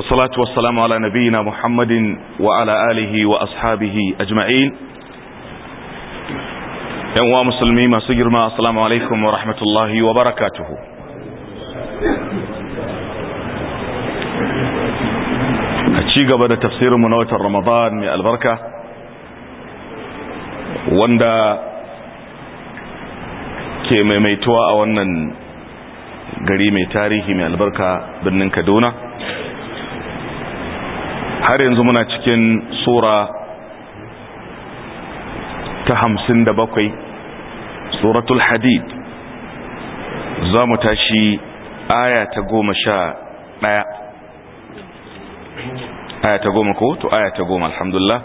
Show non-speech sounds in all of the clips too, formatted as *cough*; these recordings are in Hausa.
والصلاة والسلام على نبينا محمد وعلى آله وأصحابه أجمعين يوم مسلمي ما سجر ما السلام عليكم ورحمة الله وبركاته ci gaba da mu na watan ramadan mai albarka wanda ke maimaituwa a wannan gari mai tarihi mai albarka birnin kaduna har yanzu muna cikin sura ta hamsin da bakwai suratul hadid za mu tashi aya ta goma sha ɗaya aya ta goma ko to aya ta goma alhamdulillah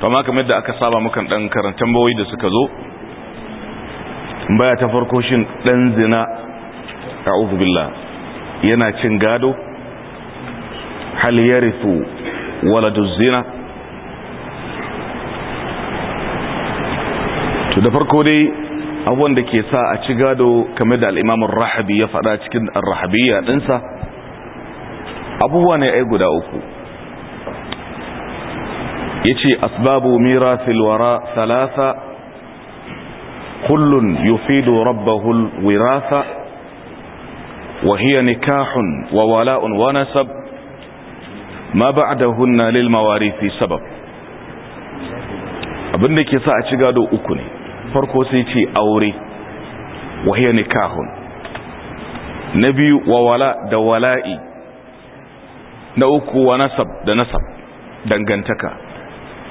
to ma kamar da aka saba mukan ɗan karantar bawai da suka zo baya ta farko shin ɗan zina a billah yana cin gado hal yarifu waladu zina to da farko dai abubuwan da ke sa a ci gado kame da al'imamun rahabi ya faɗa cikin rahabiyya ɗinsa abubuwa ne ai guda uku ya ce asbabu mira filwara salasa kullun yufidu rabbahul wirasa nikahun نكاح وولاء ونسب ma ba'dahunna lil mawarithi sabab abinda ke sa a ci gado uku ne farko sai ce aure wahiyar nikahun na biyu wawala da wala'i na uku wa nasab da nasab dangantaka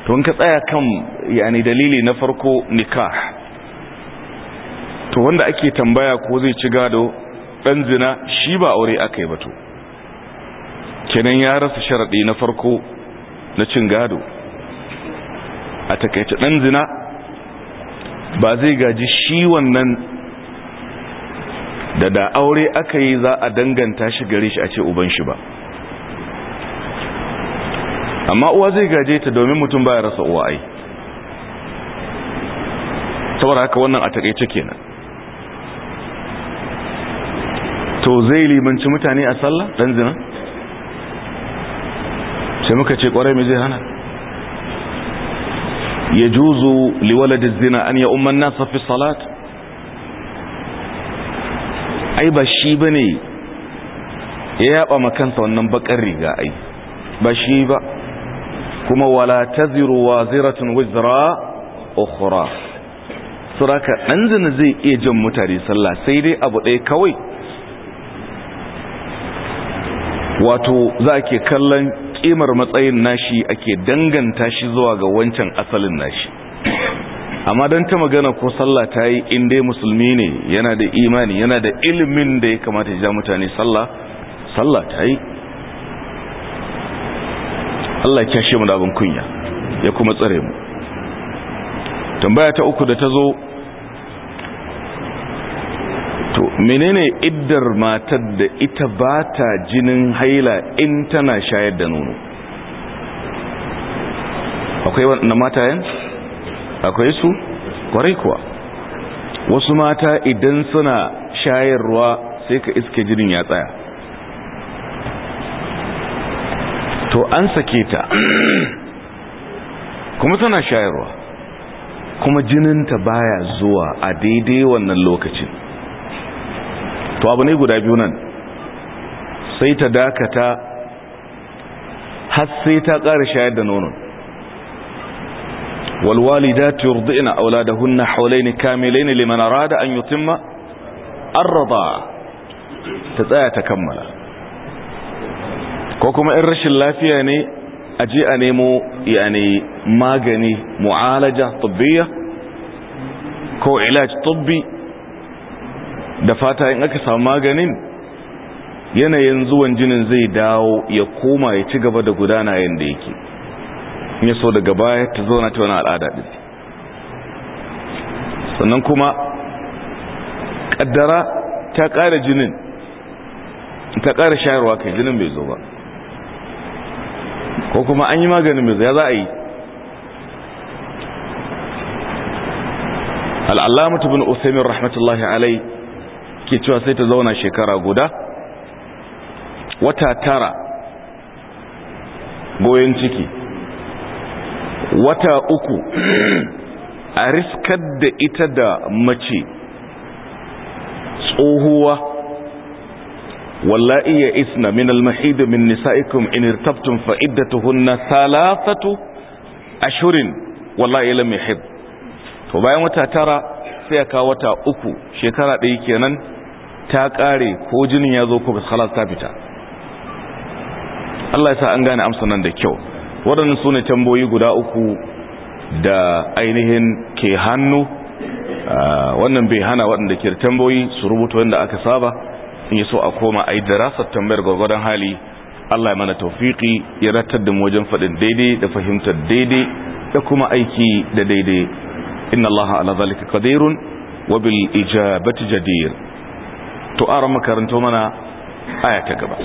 to in ka tsaya kan yani dalili na farko nikah to wanda ake tambaya ko zai ci gado dan zina shi ba aure aka yi bato kenan ya rasa sharaɗi na farko na cin gado a takaice ɗan zina ba zai gaji shi wannan da da aure aka yi za a danganta shi gare shi a ce uban shi ba amma uwa zai gaje ta domin mutum baya rasa uwa ai saboda haka wannan a takaice kenan to zai limanci mutane a sallah dan zina sai muka ce kwarai mai zai hana ya juzu liwaladin zina an ya umar nasa fi salat ai ba shi ba ne ya yaba makansa wannan bakar riga ai ba shi ba kuma wala ta wa ziratun wizra ukhra suraka ɗan zina zai iya jan mutane sallah sai dai abu ɗaya kawai wato za ke kallon kimar matsayin nashi ake danganta shi zuwa ga wancan asalin nashi amma don ta magana ko sallah ta yi inda musulmi ne yana da imani yana da ilimin da ya kamata ja mutane sallah sallah ta yi Allah ya kyashe mu da abin kunya ya kuma tsare mu tambaya ta uku da ta zo to menene iddar matar da ita ba ta jinin haila in tana shayar da nono akwai wanda yan? akwai su kwarai kuwa wasu mata idan suna shayarwa sai ka iske jinin ya tsaya to an sake ta *clears throat* kuma tana shayarwa kuma jininta baya zuwa a daidai wannan lokacin to abu ne guda biyu nan sai ta dakata har sai ta ƙara shayar da nonon walwalidatu yurdina auladahunna hawlayn kamilayn liman arada an yutimma arda ta tsaya ta kammala ko kuma in rashin lafiya ne a je a nemo yani magani mu'alaja tabbiya ko ilaj tabbi da fata in aka samu maganin yanayin zuwan jinin zai dawo ya koma ya ci gaba da gudana yadda yake in ya so daga baya ta zauna ta wani al'ada ɗin sannan kuma ƙaddara ta ƙara jinin ta ƙara shayarwa kai jinin bai zo ba ko kuma an yi maganin bai zo ya za a yi al'allamatu bin usaimin rahmatullahi alai ke cewa sai ta zauna shekara guda wata tara goyon ciki wata uku a riskar da ita da mace tsohuwa wallahi ya isna min almahid min nisaikum in irtabtum fa iddatuhunna thalathatu ashhurin wallahi lam yahid to bayan wata tara sai ka wata uku shekara ɗaya kenan ta kare ko jinin ya zo ko bas halas ta fita Allah ya sa an gane amsa nan da kyau waɗannan su ne tamboyi guda uku da ainihin ke hannu ah, wannan bai hana waɗanda ke tamboyi su rubuta wanda aka saba in yi so a koma a yi darasar tambayar gwagwadon hali Allah ya mana taufiki ya ratar da wajen faɗin daidai da fahimtar daidai da kuma aiki da daidai inna Allah ala zalika qadirun wa bil ijabati jadir to ara makaranto mana aya ta gaba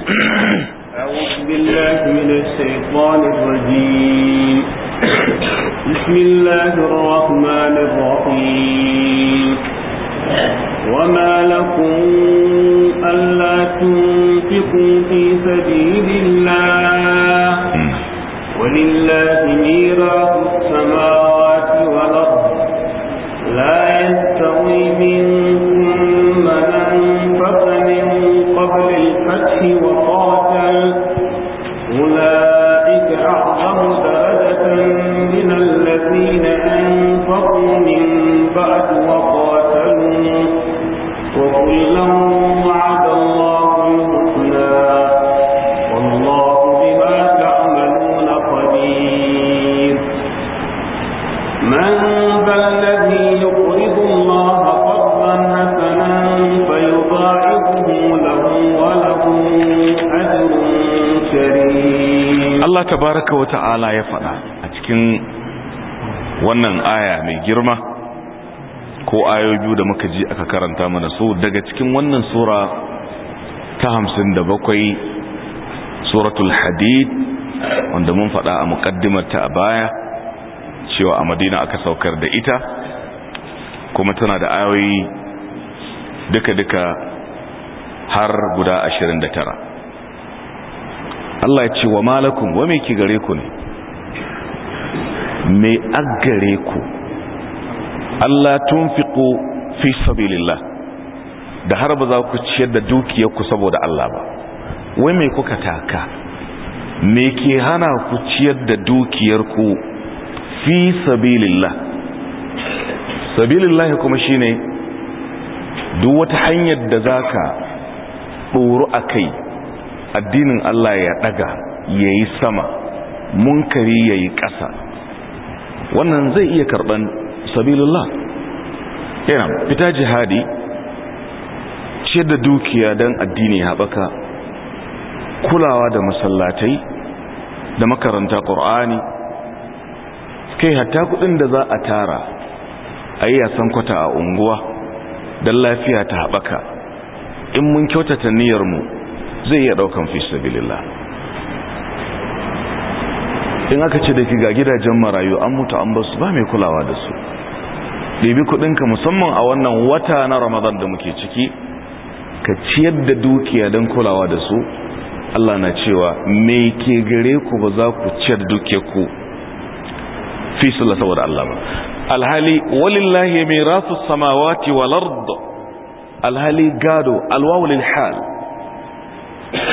وما لكم ألا haka wata ala ya faɗa a cikin wannan aya mai girma ko ayoyi biyu da muka ji aka karanta mana su daga cikin wannan sura ta hamsin da bakwai suratul hadid wanda mun faɗa a ta a baya cewa a madina aka saukar da ita kuma tana da ayoyi duka-duka har guda ashirin da tara Allah ya ce wa malakum wa me ki gare ku ne me agare ku Allah tun fi sabilillah da har ba za ku ciyar da dukiyarku saboda Allah ba wai me kuka taka me ke hana ku ciyar da dukiyar ku fi sabilillah sabilillah kuma shine duk wata hanyar da zaka tsoro a kai addinin Allah ya daga yi sama mun munkari yi ƙasa wannan zai iya karɓan sabilillah yana fita jihadi ciyar da dukiya don addini haɓaka kulawa da masallatai da makaranta ƙur'ani kai hatta kudin da za a tara a yi yasan kwata a unguwa don lafiya ta haɓaka in mun kyautata niyyarmu zai iya daukan fi in aka ce da ke ga gidajen marayu an mutu an basu ba mai kulawa da su ɗebi kudinka musamman a wannan wata na ramadan da muke ciki ka ciyar da dukiya don kulawa da su Allah na cewa me ke gare ku ba za ku ciyar duke ku fi sula saboda Allah ba alhali walillahi mai rasu samawati wal da. alhali gado alwawulil hali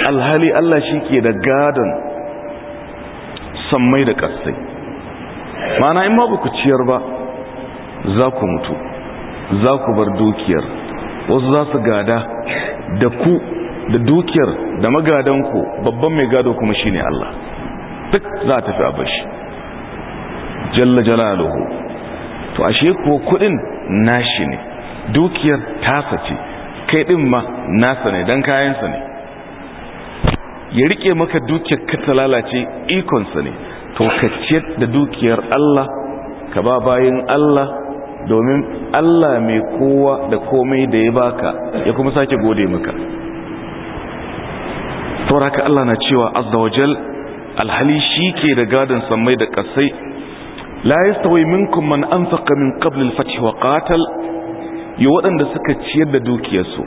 alhali Allah shi ke da gadon sammai da ƙasai mana in ma ba ku ciyar ba za ku mutu za ku bar dukiyar wasu za su gada da ku da dukiyar da magadanku babban mai gado kuma shi ne Allah duk za a tafi abashi jalla jalaluhu to ashe ko kudin nashi ne dukiyar tasa ce kai din ma nasa ne don kayansa ne ya rike maka dukiyar ka ta lalace ikonsa ne to ka ciyar da dukiyar Allah ka ba bayan Allah domin Allah mai kowa da komai da ya baka ya kuma sake gode maka Tauraka Allah na cewa azzawajal alhali shi ke da gadon samai da kasai la yastawi minkum man anfaqa min qabl al wa qatal yi waɗanda suka ciyar da dukiyarsu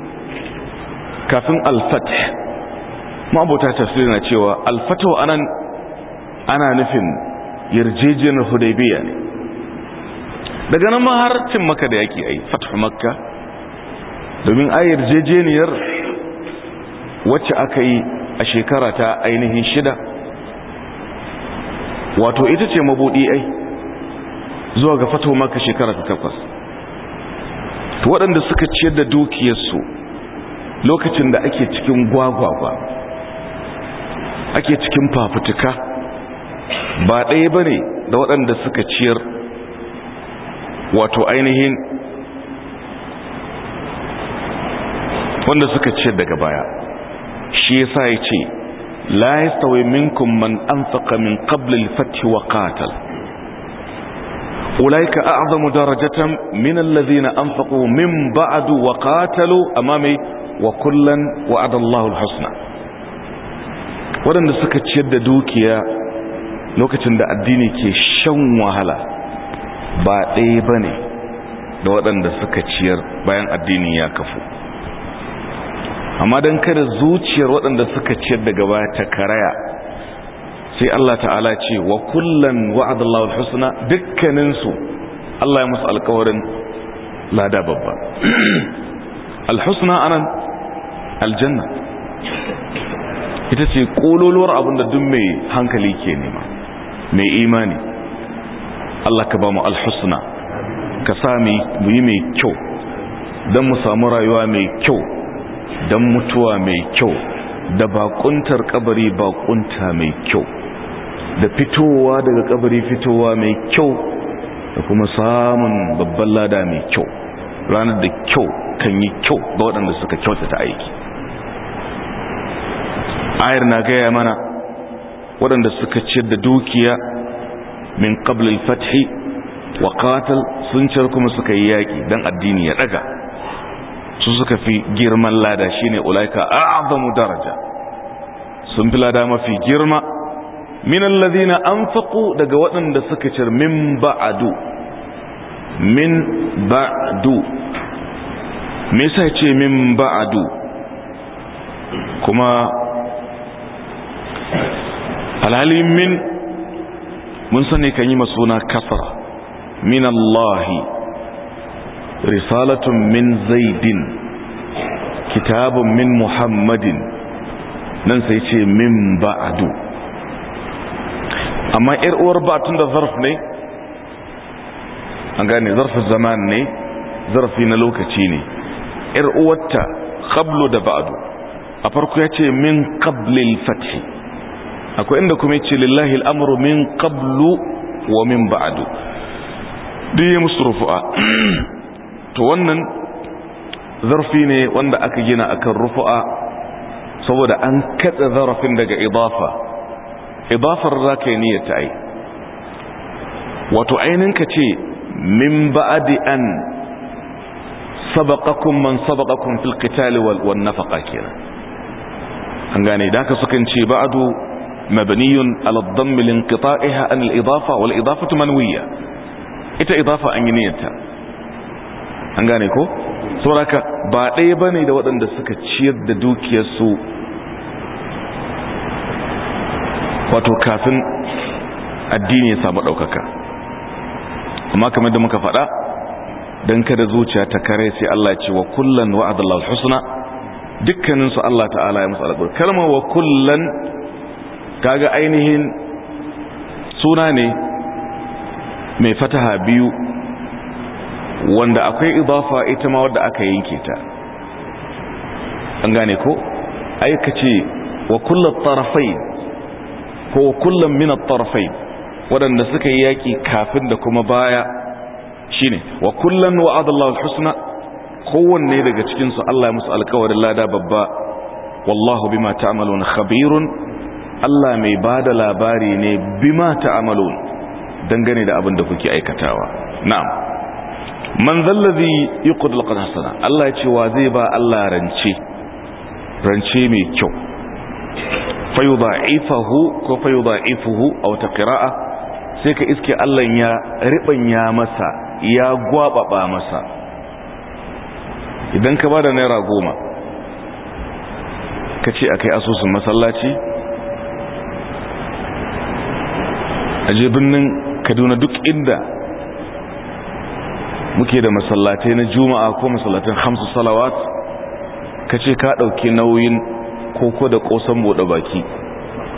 kafin alfatih. ta tafsiri na cewa alfato anan ana nufin yarjejeniyar hudaybiya ne daga nan ma har cin maka da yaki ai fatah makka domin a yarjejeniyar wacce aka yi a shekara ta ainihin shida wato ita ce mabudi ai zuwa ga fatah makka shekara ta takwas waɗanda suka ciyar da dukiyarsu lokacin da ake cikin gwagwagwa ake cikin fafutuka ba ɗaya ba ne da waɗanda suka ciyar wato ainihin wanda suka ciyar daga baya shi ya sa ya ce la minkum man an min ƙablil fati wa ƙatal ulaika a'zamu darajatan min allazina anfaqu min ba'du wa qatalu amami wa kullan wa'ada Allahu husna waɗanda suka ciyar da dukiya lokacin da addini ke shan wahala ba ɗaya ba ne da waɗanda suka ciyar bayan addini ya kafu amma don kada zuciyar waɗanda suka ciyar da gaba ta karaya sai Allah ta'ala ce wa kullum wa'adallahu husna dukkaninsu Allah ya musu alkawarin lada babba *clears throat* alhusna anan aljanna ita ce kololuwar abin da duk mai hankali ke nema mai imani Allah ka ba mu alhusna ka sa mu yi mai kyau don mu samu rayuwa mai kyau don mutuwa mai kyau da bakuntar kabari bakunta mai kyau da fitowa daga kabari fitowa mai kyau da kuma samun babban lada mai kyau ranar da kyau kan yi kyau ga waɗanda suka kyautata aiki ayar na gaya mana waɗanda suka ciyar da dukiya min qablil fathi wa qatal sun ciyar kuma suka yi yaki dan addini ya ɗaga su suka fi girman lada shine ulaika a'zamu daraja sun fi lada mafi girma min alladhina anfaqu daga waɗanda suka ciyar min ba'du min ba'du me yasa ce min ba'du kuma alhalin min mun sani kan yi masuna kasra min allahi risalatun min zaidin kitabun min muhammadin nan sai ce min ba'adu amma uwar batun da zarf ne an gane zarfin zaman ne zarfi na lokaci ne uwarta qablu da ba'adu a farko ya ce min qablil fathi akwai inda kuma ce lillahi al'amuru min qablu wa min ba'du musu rufu'a. *clears throat* to wannan zarfi ne wanda aka gina akan rufu'a saboda an katsa zarafin daga idafa Ibafar zaka yi niyyar ai wato ainin ka ce min ba'di an sabaqakum man sabaqakum fil qitali wal kenan an gane da haka sukan ce ba'adu. مبني على الضم لانقطاعها عن الإضافة والإضافة منوية إتا إضافة أن ينيتها أنغانيكو sauraka ba ɗaya ba ne da waɗanda suka ciyar da dukiyarsu wato kafin addini ya samu ɗaukaka amma kamar da muka faɗa don kada zuciya ta kare sai Allah ce wa kullan wa'adallahu husna dukkaninsu Allah ta'ala ya musu alƙur kalmar wa kullan kaga ainihin suna ne mai fataha biyu wanda akwai idafa ita ma wadda aka yanke ta an gane ko aikace wa kullum tarafai ko kullum minar tarafai waɗanda suka yi yaƙi kafin da kuma baya shine wa kullum wa husna kowanne daga cikinsu Allah ya musu alkawarin lada babba wallahu bima ta'maluna khabirun Allah mai ba da labari ne bima amalo dangane da abin da kuke aikatawa na'am man zallazi yuqdil qad Allah ya ce wa zai ba Allah rance rance mai kyau fayudha'ifahu ko fayudha'ifuhu aw ta qira'a sai ka iske Allah ya ribanya masa ya gwababa masa idan ka bada naira goma ka ce a kai asusun masallaci aje birnin kaduna duk inda muke da masallatai na juma'a ko masallatan hamsu salawat ka ce ka ɗauki nauyin koko da ƙosan buɗe baki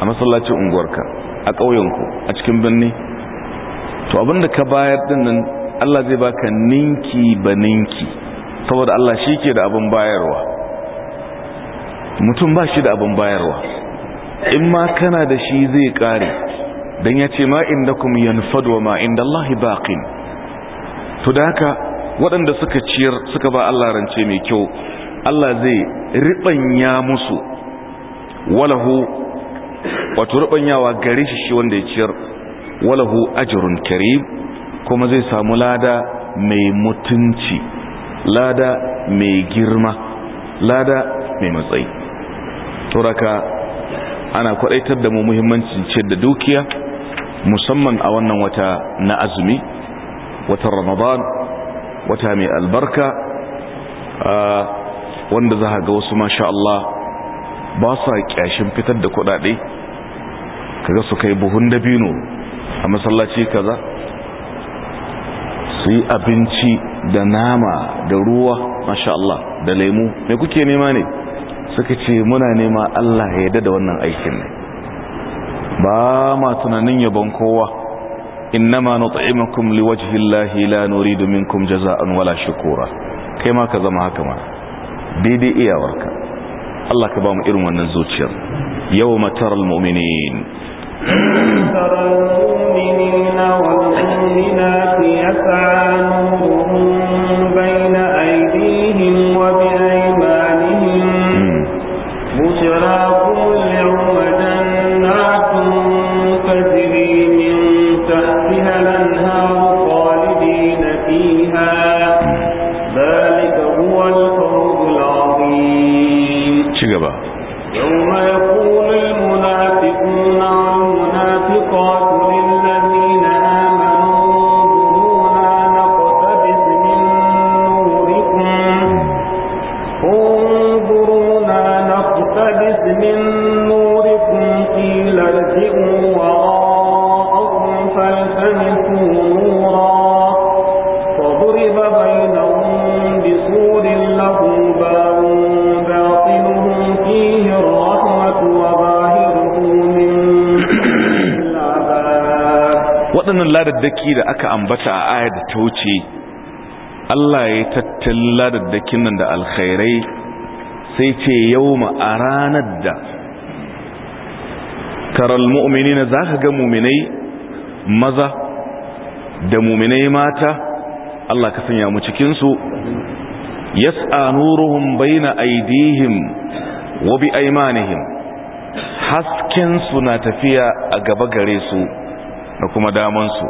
a masallacin unguwarka a ƙauyenku a cikin birni to abinda ka bayar dinnan allah zai baka ninki ba ninki saboda allah shi ke da abin bayarwa mutum ba shi da abin bayarwa in ma kana da shi zai ƙare don ya ce ma inda kuma yanfadu ma inda da Allah baƙin to da haka waɗanda suka ciyar suka ba Allah rance mai kyau Allah zai riɓanya musu walahu wato riɓanyawa gare shi shi wanda ya ciyar walahu ajirun karim kuma zai samu lada mai mutunci lada mai girma lada mai matsayi turaka ana kwadaitar da mu muhimmancin ciyar da dukiya musamman a wannan wata na azumi wata ramadan wata mai albarka wanda za a ga wasu masha Allah ba sa kyashin fitar da kudade kaga su kai buhun dabino a masallaci kaza su yi abinci da nama da ruwa masha Allah da lemu mai kuke nema ne suka ce muna nema Allah ya yada da wannan aikin ne ba ma tunanin yabon kowa innama nut'imukum liwajhi llahi la nuridu minkum jazaa'an wala shukura kai ma ka zama haka ma daidai iyawarka Allah ka ba mu irin wannan zuciyar yawma taral mu'minin ترى المؤمنين والمؤمنات يسعى نورهم waɗannan ladaddaki da aka ambata a ayar da ta wuce Allah ya tattalin ladaddakin nan da alkhairai sai ce yau a ranar da taral mu'mini na za ka ga muminai maza da muminai mata Allah ka sanya mu cikinsu yas'a nuruhum baina aidihim wa bi aymanihim hasken su na tafiya a gaba gare su da kuma damansu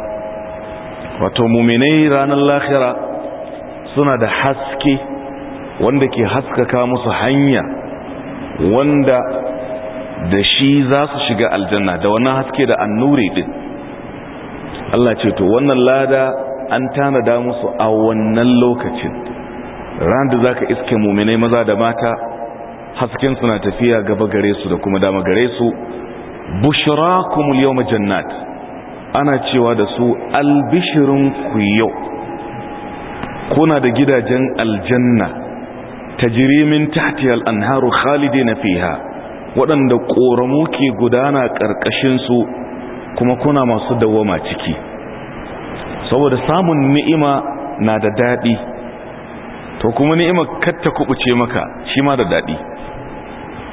wato muminai ranar lahira suna da haske wanda ke haskaka musu hanya wanda da shi za su shiga aljanna da wannan haske da annuri din Allah ce to wannan lada an tanada musu a wannan lokacin ran da zaka iske muminai maza da mata hasken suna tafiya gaba gare su da kuma dama gare su bushrakumul yawma jannat ana cewa da su albishirin ku yau kuna da gidajen aljanna tajirimin tahtiyal anharu na fiha waɗanda ƙoramu ke gudana ƙarƙashinsu kuma kuna masu dawama ciki saboda samun ni'ima na da daɗi to kuma ni'ima katta kuɓuce maka shi ma da daɗi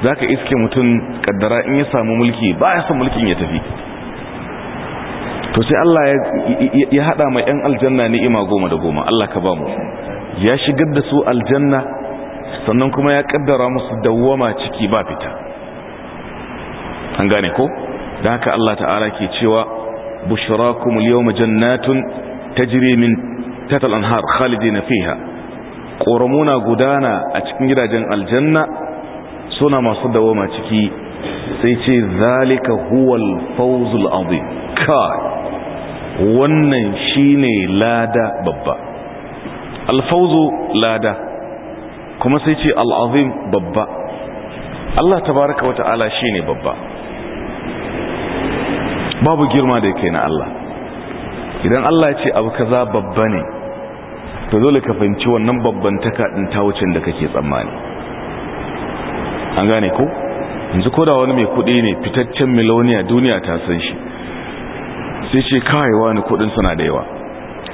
za ka iske mutum ƙaddara in ya samu mulki ba ya san mulkin ya tafi to sai Allah ya hada ma yan aljanna ni'ima goma da goma Allah ka ba mu ya shigar da su aljanna sannan kuma ya kaddara musu dawwama ciki ba fita an gane ko da haka Allah ta'ala ke cewa bushrakum al-yawma jannatun tajri min tahtiha al-anhar khalidina fiha qoramuna gudana a cikin gidajen aljanna suna masu dawoma ciki sai ce zalika huwal fawzul azim kai wannan shine lada babba alfauzu lada kuma sai ce al'azim babba Allah tabaraka wata'ala shine babba babu girma da yake na Allah idan Allah ya ce abu kaza babba ne to dole ka fahimci wannan babban taka din ta wucin da kake tsammani an gane ko yanzu ko da wani mai kuɗi ne fitaccen miloniya duniya ta san shi sai ce kawai wani kudin suna da yawa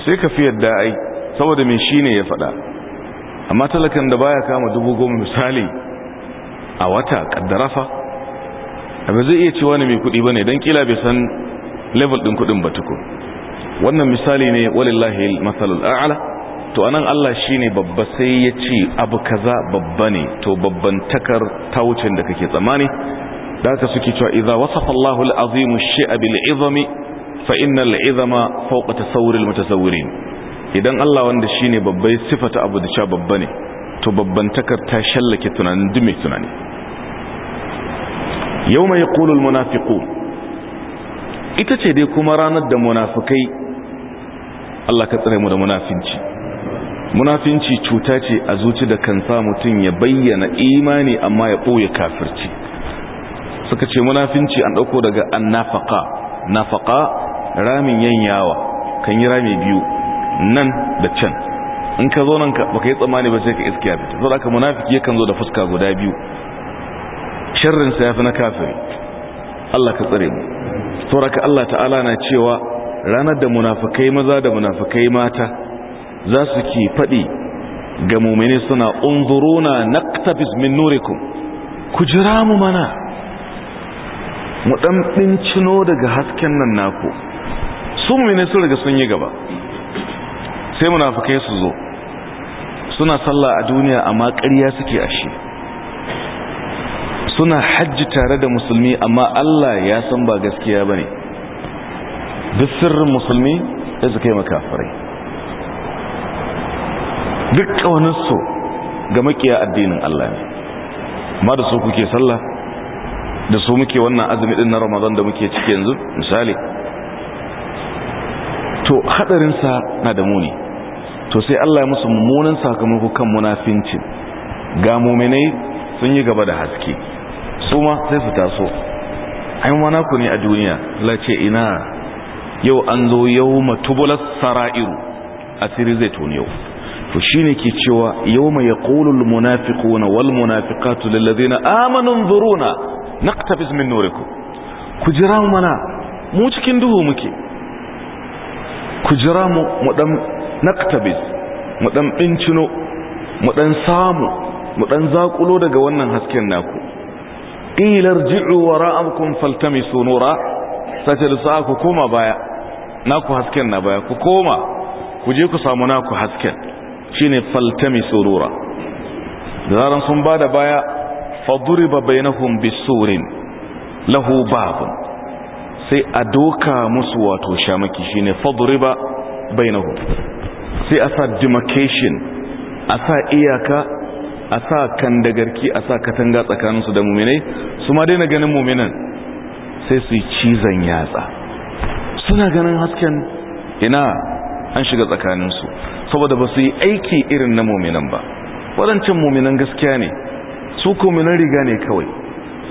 sai ka fi yadda ai saboda min ne ya faɗa amma talakan da baya kama dubu goma misali a wata kaddarafa abin zai iya cewa wani mai kudi ne don kila bai san level ɗin kudin ba tuko wannan misali ne walillahi masalul aala to anan Allah shine babba sai ya ce abu kaza babba ne to babban takar ta wucin da kake tsammani da haka suke cewa idza wasafa Allahu al-azim bil izami fa innal izama fawqa tasawwuril mutasawwirin idan Allah wanda shine babbai sifata abu da sha babba ne to babban takar ta shallake tunanin dume tunani Yau mai al munafiqun ita ce dai kuma ranar da munafikai Allah ka tsare mu da munafinci munafinci cuta ce a zuci da kan sa mutun ya bayyana imani amma ya boye kafirci suka ce munafinci an ɗauko daga annafaka nafaka ramin yanyawa kan yi rami biyu nan da can in ka zo nan ka yi tsammani ba sai ka iska fita zo da ka munafiki yakan zo da fuska guda biyu sharrin sa yafi na kafiri Allah ka tsare mu saboda Allah ta'ala na cewa ranar da munafikai maza da munafikai mata za su ke faɗi ga mumini suna unzuruna naqtabis min nurikum ku jira mu mana mu dan cino daga hasken nan naku su mummune sun riga sun yi gaba sai munafikai su zo suna sallah a duniya amma ƙarya suke ashe suna hajji tare da musulmi amma Allah ya san ba gaskiya bane duk sirrin musulmi ya su kai makafirai duk ƙaunarsu ga makiya addinin Allah ne amma da su kuke sallah da su muke wannan azumi din na Ramadan da muke ciki yanzu misali to hadarinsa na da muni to sai Allah ya musu mummunan sakamako kan munafincin ga muminai sun yi gaba da haske su ma sai su taso ai ku ne a duniya lace ina yau an zo yau matubul sara'iru asiri zai toni yau to shine ke cewa yawma yaqulu munafiqatu lil ladina amanu nzuruna naqtabis min nurikum ku jira mana mu cikin duhu muke ku jira mu mu dan mu dan bincino mu dan samu mu dan zakulo daga wannan hasken naku qila irji'u wara'akum faltamisu nura sace ku koma baya naku hasken na baya ku koma ku je ku samu naku hasken shine faltamisu nura zaran sun bada baya faduriba bainahum bisurin lahu babun sai a doka musu wato shamaki shine fadriba bainahu sai a sa demarcation a sa iyaka a sa kandagarki a sa katanga su da muminai su ma daina ganin muminan sai su yi cizon yatsa suna ganin hasken ina an shiga tsakanin su saboda ba su yi aiki irin na muminan ba waɗancan muminan gaskiya ne su kuminan riga ne kawai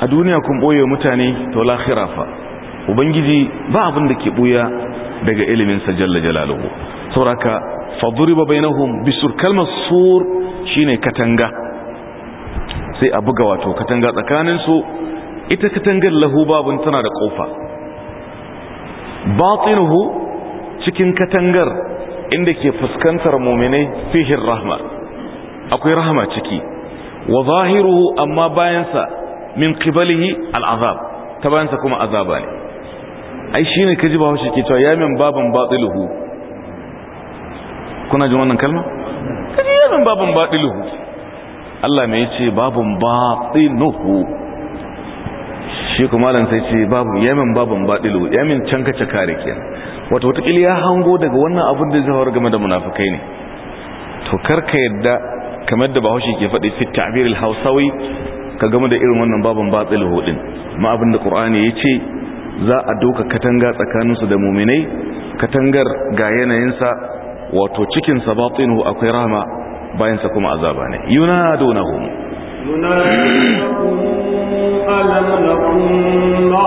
a duniya kun ɓoye mutane to lahira fa ubangiji ba abin da ke buya daga ilimin sa jalla jalaluhu sauraka faduriba bainahum bisur kalmar sur shine katanga sai a buga wato katanga tsakanin su ita katangar lahu babun tana da kofa batinuhu cikin katangar inda ke fuskantar mu'minai fihin rahma akwai rahama ciki wa zahiruhu amma bayansa min qibalihi al'azab ta bayansa kuma azaba ne ai shi ne kaji ba ke cewa ya min babin baɗiluhu kuna jin wannan kalma? kaji ya min babin baɗiluhu Allah mai ce baban baɗiluhu shi kuma lansa sai ce babu ya min baban baɗiluhu ya min can kaca kare kiyan wata watakili ya hango daga wannan abin da zahar game da munafukai ne to karka yadda kamar da bahaushe ke faɗi fit ta'biril hausawi ka game da irin wannan baban batil din. ma abin da ya ce. za a doka katanga tsakaninsu da muminai katangar ga yanayinsa wato cikinsa batinuhu akwai bayan bayansa kuma azaba ne yunadunahum yunadunahum alam lakum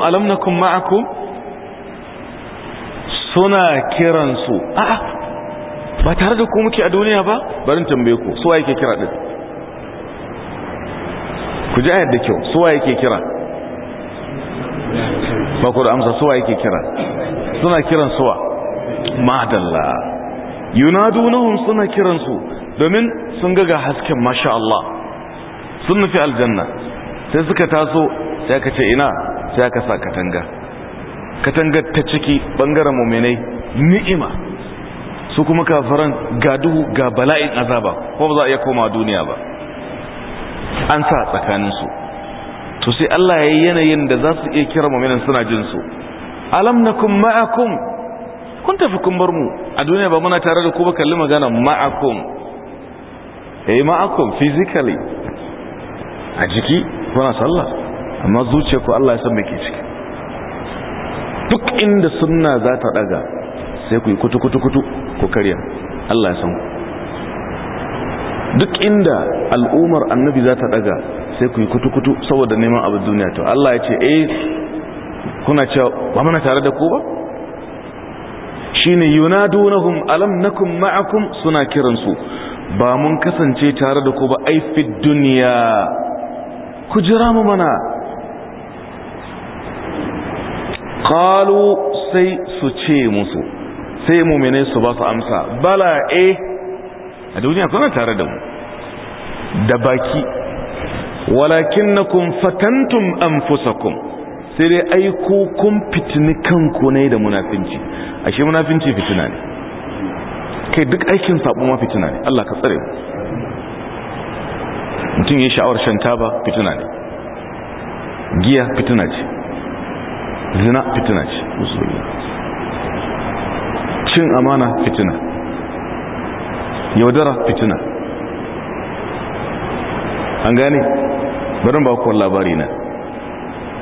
minkum alam nakum ma'akum suna kiransu a ba tare da ku muke a duniya ba barin tambaye ku suwa yake kira din ku ji ayar da kyau suwa yake kira ba ku da amsa suwa yake kira suna kiran wa madalla yunadunahum suna kiransu domin sun ga ga hasken masha Allah sun nufi aljanna sai suka taso sai ka ce ina sai aka sa katanga katangar ta ciki bangaren muminai ni'ima su kuma kafiran ga duhu ga bala'in azaba ko ba za a iya koma duniya ba an sa tsakaninsu to sai Allah ya yi yanayin da za su iya kira muminan suna jinsu alam nakum ma'akum kun tafi kun bar mu a duniya ba muna tare da ku ba kalli magana ma'akum eh ma'akum physically a jiki kuna sallah amma zuciya ku Allah ya san me ke ciki duk inda sunna za ta daga sai ku yi kutu kutu kutu ku kariya Allah ya san ku duk inda al'umar annabi za ta daga sai ku yi kutu kutu saboda neman abin duniya to Allah ya ce eh kuna cewa ba mana tare da ku ba shine yunadunahum alam nakum ma'akum suna kiransu ba mun kasance tare da ku ba ai fi duniya ku jira mu mana qalu sai su ce musu sai mu'mine su ba su amsa bala eh a duniya kuna tare da mu da baki walakinnakum fatantum anfusakum sai dai ai ku kun fitini kanku ne da munafinci ashe munafinci fitina ne kai duk aikin sabo ma fitina ne Allah ka tsare mu mutum ya sha'awar shan taba fitina ne giya fituna ce zina fitina ce musulmi cin amana fitina yaudara fitina an gane barin ba kuwa labari na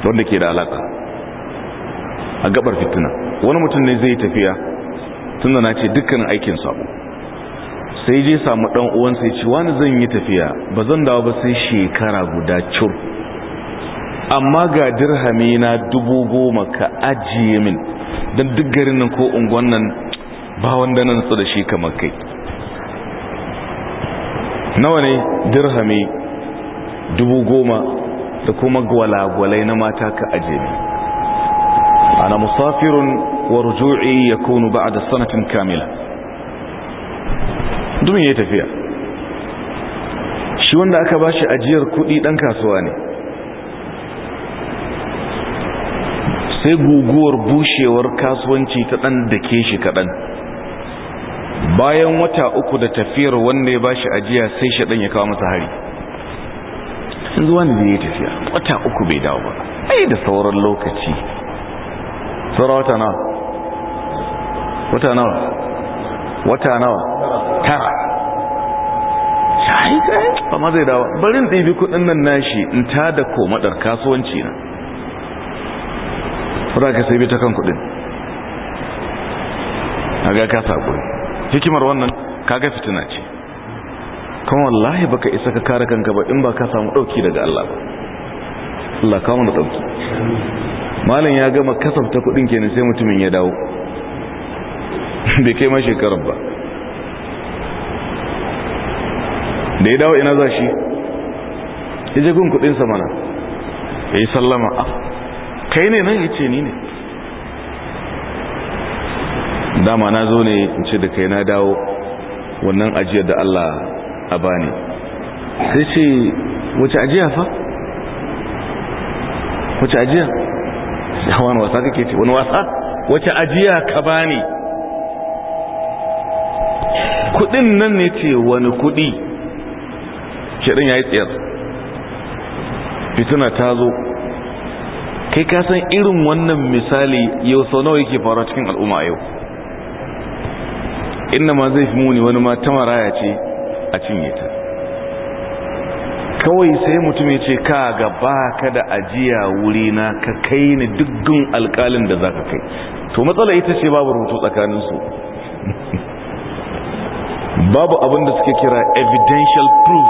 wanda ke da alaka a gabar fitina wani mutum ne zai tafiya tun da na ce dukkanin aikin sabo sai je samu dan uwansa ya ce wani zan yi tafiya ba zan dawo ba sai shekara guda cur amma ga dirhami na dubu goma ka ajiye min don duk garin nan ko unguwan nan ba wanda nan su da shi kamar kai nawa ne dirhami dubu goma da kuma gwalagwalai na mata ka ajiye min ana musafirun wa ruju'i ya kunu ba da sanatin kamila dumin ya tafiya shi wanda aka ba shi ajiyar kudi dan kasuwa ne sai guguwar bushewar kasuwanci ta ɗan da ke shi kaɗan bayan wata uku da tafiyar wanda ya bashi ajiya sai dan ya kawo masa hari sun zuwa da ya tafiya wata uku bai dawo ba ai da sauran lokaci saura wata nawa wata nawa wata nawa tara shahikai ba ma zai dawo barin ɗibi kuɗin nan nashi in ta da komadar kasuwanci na saboda ka sai bi ta kan kudin kaga ka sakuri hikimar wannan kaga fitina ce kuma wallahi baka isa ka kare kanka ba in ba ka samu dauki daga Allah ba Allah kawo na dauki malam ya gama kasafta kudin kenan sai mutumin ya dawo *laughs* bai kai ma shekarar ba da ya dawo ina za shi ya je gun kudinsa mana ya yi sallama ah, kai ne nan yace ni ne dama na zo ne in ce da kai na dawo wannan ajiyar da Allah a bani sai ce wace ajiya fa wace ajiya *laughs* wani wasa kake ce wani wasa wace ajiya ka bani kudin nan ne ce wani kudi kiɗin ya yi tsayar fitina ta zo kai ka san irin wannan misali yau sau nawa yake faruwa cikin al'umma yau inda ma zai fi muni wani ma ta maraya ce a cinye ta kawai sai mutum ya ce ka gaba ka da ajiya wuri na ka kai ni dukkan alkalin da za ka kai to matsala ita ce babu rubutu tsakaninsu *laughs* babu abinda suke kira evidential proof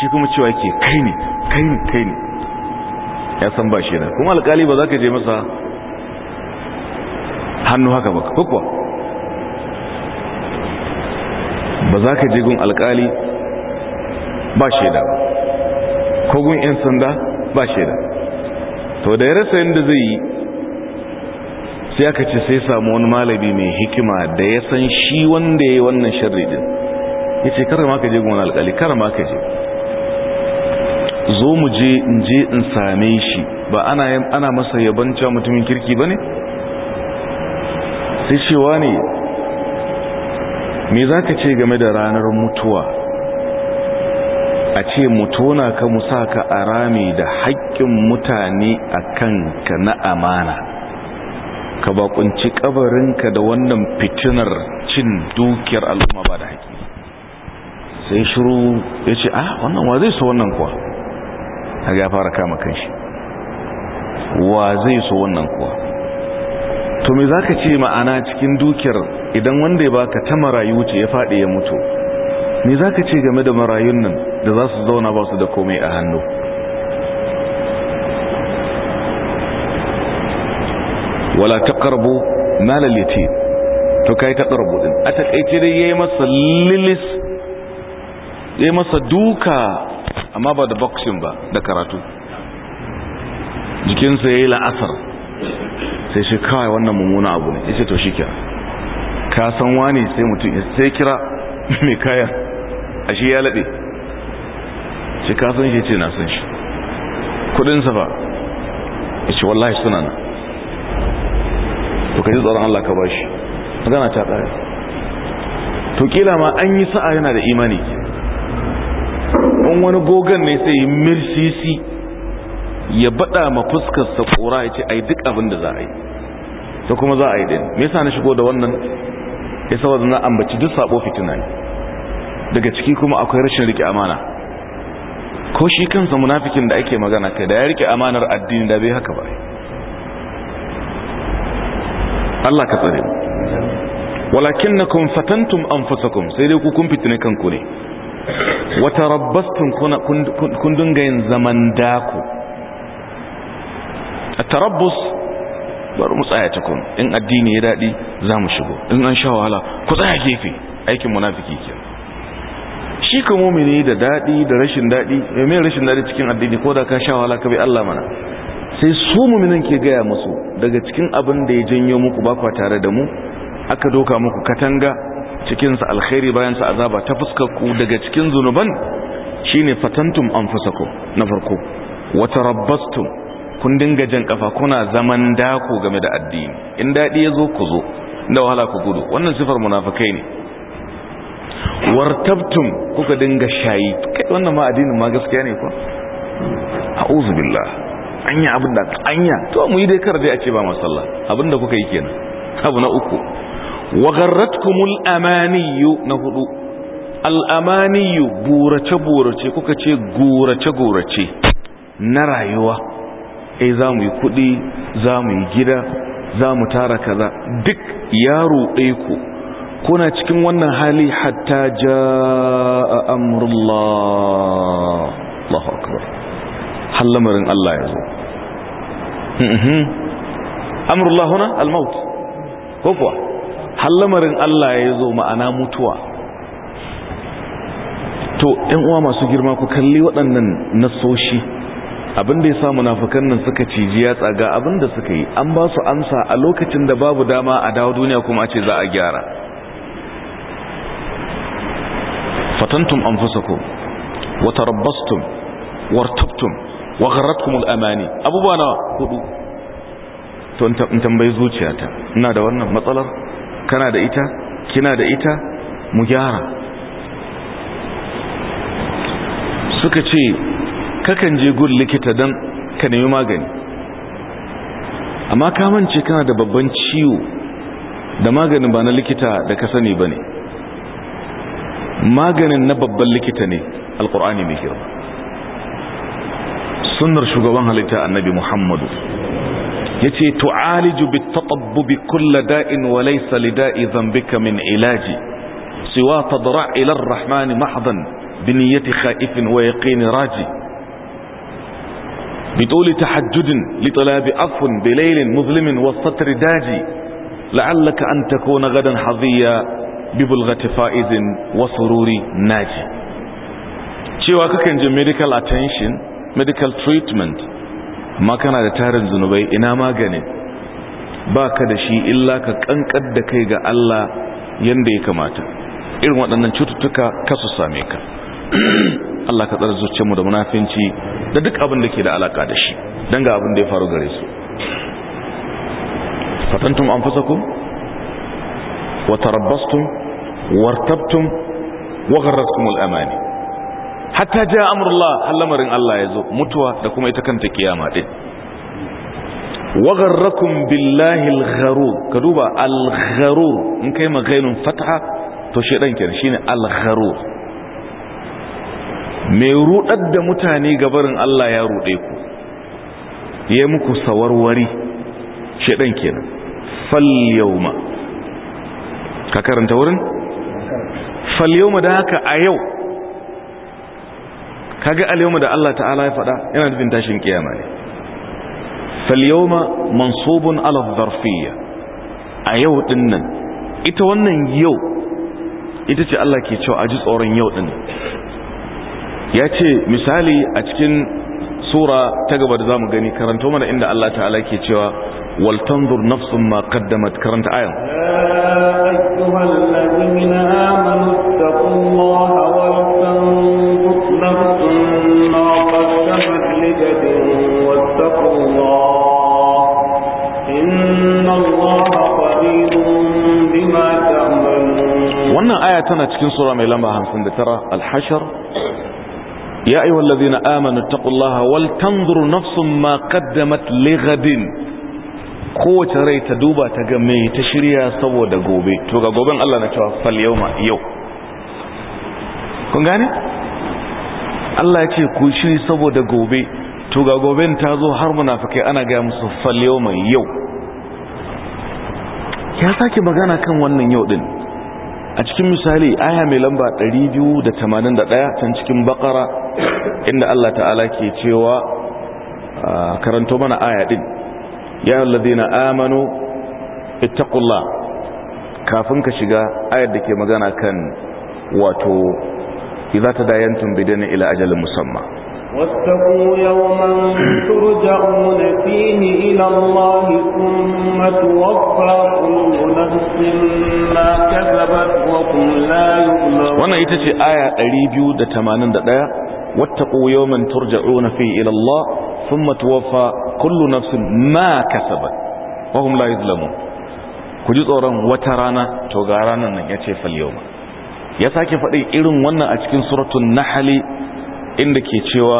shi kuma cewa yake kai ne kai ne kai ne ya san ba shi na kuma alkali ba za ka je masa hannu haka ba kuka ba za ka je gun alkali ba shaida ba ko gun 'yan sanda ba shaida to da ya rasa yadda zai yi sai aka ce sai samu wani malami mai hikima da ya san shi wanda ya yi wannan sharri din ya ce kar ma ka je gun alkali kar ma ka je zo mu je in je in same shi ba ana ana masa yabanca mutumin kirki bane sai cewa ne me zaka ce game da ranar mutuwa a ce mutona ka musaka ka arame da haƙƙin mutane a ka na amana ka bakunci kabarinka da wannan fitinar cin dukiyar al'umma ba da haƙƙi sai shiru ya ce ah wannan wa zai so wannan kuwa kaga ya fara kama kanshi wa zai so wannan kuwa to me za ce ma'ana cikin dukiyar idan wanda ya baka ta marayu ce ya faɗi ya mutu me zaka ce game da marayun nan da za su zauna ba su da komai a hannu wala taqrabu mal al-yatim to kai qarbu din a takaice dai yayi masa lilis yayi masa duka amma ba da boxing ba da karatu jikinsa ya yi la'asar sai shi kawai wannan mummuna abu ne ya ce to shi kira ka san wani sai mutum sai kira *laughs* mai kayan a shi ya laɗe shi ka san shi ce na san shi kudinsa ba ya ce wallahi suna na to ka ji tsoron Allah ka ba shi magana ta ɗaya to kila ma an yi sa'a yana da imani in wani gogon ne sai yi mirsisi ya bada ma fuskarsa kura ya ce ai duk abin da za a yi ta kuma za a yi din me yasa na shigo da wannan ya sa na ambaci duk sabo fitina ne daga ciki kuma akwai rashin rike amana ko shi kansa munafikin da ake magana kai da ya rike amanar addini da bai haka ba Allah ka tsare walakinnakum fatantum anfusakum sai dai ku kun fitina kanku ne wata rabbastun kun dinga yin zaman daku? a tarabbus bari mu tsaya in addini ya daɗi za mu shigo in an sha wahala ku tsaya gefe aikin munafiki ke shi ka mumini da daɗi da rashin daɗi yamin rashin daɗi cikin addini ko da ka sha wahala ka bi Allah mana sai su muminin ke gaya musu daga cikin abin da ya janyo muku bakwa tare da mu aka doka muku katanga cikinsa alkhairi bayansa azaba ta ku daga cikin zunuban shine fatantum anfusakum na farko wa tarabbastum kun dinga jan kafa kuna zaman dako game da addini in dadi yazo ku zo da wahala ku gudu wannan sifar munafikai ne wartabtum kuka dinga shayi kai wannan ma addinin ma gaskiya ne ko a'udhu billah anya abinda anya to mu yi dai kar dai a ce ba masalla abinda kuka yi kenan abu na uku وغرتكم الاماني نهدو na بورچه al'amaniyu burace-burace kuka ce gurace-gurace na rayuwa eh za mu yi kudi za mu yi gida za mu tara kaza duk yaro ɗaya ku kuna cikin wannan hali hatta ja'a amrullah Allahu akbar hallamarin Allah ya zo mm-hmm. amrullah huna al-maut ko kuwa lamarin Allah ya zo ma'ana mutuwa to ɗan uwa masu girma ku kalli waɗannan nasoshi abinda ya sa munafukan nan suka ciji ya tsaga abinda suka yi an ba su amsa a lokacin da babu dama a dawo duniya kuma a ce za a gyara fatantum an wa tarabbastum wartabtum wa gharratkum al-amani abubuwa na hudu to in tambayi zuciyata ina da wannan matsalar kana da ita kina da ita mu gyara suka ce kakan je gun likita dan ka nemi magani amma ce kana da babban ciwo da maganin ba na likita da ka sani ba ne maganin na babban likita ne alkur'ani mai girma sunnar shugaban halitta annabi muhammadu yace tu'aliju bitatabbubi kulli da'in wa laysa lida'i dhanbika min ilaji siwa tadra' ila ar-rahman mahdan biniyati khaifin wa yaqin raji بطول تحجد لطلاب عفو بليل مظلم والسطر داجي لعلك أن تكون غدا حظيا ببلغة فائز وسرور ناجي cewa kakan je medical attention medical treatment ma kana da tarin zunubai ina maganin ba ka da shi illa ka kankar da kai ga Allah yadda ya kamata irin waɗannan cututtuka kasu same ka *clears throat* Allah ka tsara zuciyarmu da munafinci da duk abin da ke da alaka da shi don ga abin da ya faru gare su fatantum an fasa ku wa tarabbastum wartabtum wa gharratkum al-amani hatta ja amurullah lamarin Allah ya zo mutuwa da kuma ita kanta kiyama din Wagarrakun billahi al ka duba al-gharur in kai magainun fatha to shedan kenan shine al-gharur mai rudar da mutane gabarin Allah ya rude ku Ya muku sawarwari shedan kenan fal ka karanta wurin Falyoma da haka a yau kaga al-yawma da Allah ta'ala ya faɗa yana nufin tashin kiyama ne falyawma mansubun ala dharfiyya a yau din nan ita wannan yau ita ce Allah ke cewa a ji tsoron yau din ya ce misali a cikin sura ta gaba da zamu gani karanto mana inda Allah ta'ala ke cewa wal tanzur nafsun ma qaddamat karanta ayan ya ayyuhal ladina amanu taqullaha wannan aya tana cikin sura mai lamba 59 al alhashar. ya na allazina amanu taqullaha wal tanzur nafsun ma qaddamat lighadin kowace rai ta duba ta ga me ta shirya saboda gobe to ga goben Allah na cewa fal yawma yau kun gane Allah ya ce ku shiri saboda gobe to ga goben ta zo har munafikai ana ga musu fal yawma yau ya sake magana kan wannan yau din a cikin misali aya mai lamba 281 can cikin bakara inda Allah ta'ala ke cewa karanto mana aya din ya alladhina amano ittaqullah kafin ka shiga ayar da ke magana kan wato idza tadayantum bidana ila ajalin musamma آية واتقوا يوما ترجعون فيه إلى الله ثم توفى كل نفس ما كسبت وهم لا يظلمون وانا يتشي آية ريبيو دا تمانن دا دا واتقوا يوما ترجعون فيه إلى الله ثم توفى كل نفس ما كسبت وهم لا يظلمون كجوز أوران وترانا توغارانا rana فاليوم يساكي فأي إرن ونا أتكين سورة النحلي inda ke cewa